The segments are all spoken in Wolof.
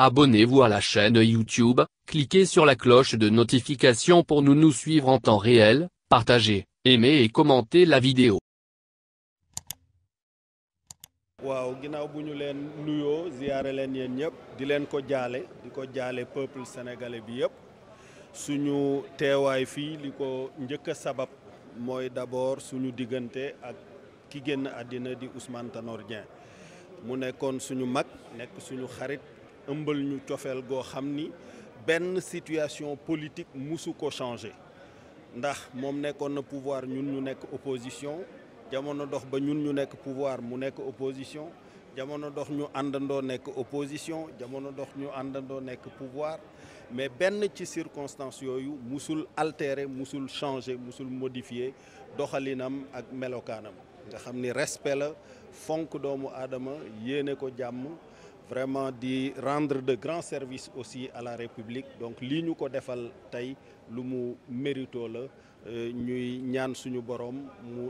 Abonnez-vous à la chaîne YouTube, cliquez sur la cloche de notification pour nous nous suivre en temps réel, partagez, aimez et commentez la vidéo. waaw ginaaw buñu len leen ziaré len yeen ñep di len ko jalé di ko jaale peuple sénégalais bi yépp suñu téway fi liko ko sabab moy d'abord suñu digënté ak ki génn àddina di Ousmane Tanor Dieng mu nekkoon suñu mag nek suñu xarit ëmbal ñu cofeel go xam ben situation politique musu ko changer. ndax mom nekkon na pouvoir ñun ñu nekk opposition jamono dox ba ñun ñu nekk pouvoir mu nekk opposition jamono dox ñu andando nekk opposition jamono dox ñu andando nekk pouvoir mais ben ci circonstance yoyu musul altérer musul changer musul modifier doxalinam ak melokanam nga xam ni respect la fonk doomu aadama yéene ko jàmm vraiment di rendre de grands service aussi à la République donc lii ñu ko defal tey lu mu mérito la euh, ñuy ñaan suñu boroom mu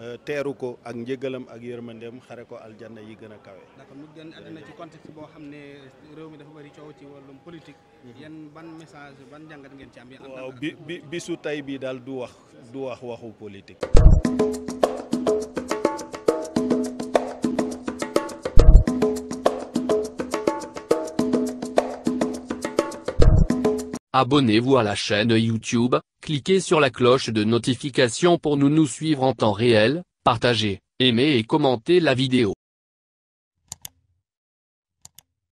euh, teeru ko ak njëgalam ak yërmandeem xare ko aljanna yi gën a kawe. d'accord mu xam ne réew mi dafa bëri ci wàllum politique. Mhm. yan ban message jàngat ngeen ci am. waaw bi bi bisu tey bii daal du wax du wax waxu politique. Abonnez-vous à la chaîne YouTube, cliquez sur la cloche de notification pour nous nous suivre en temps réel, partagez, aimez et commentez la vidéo.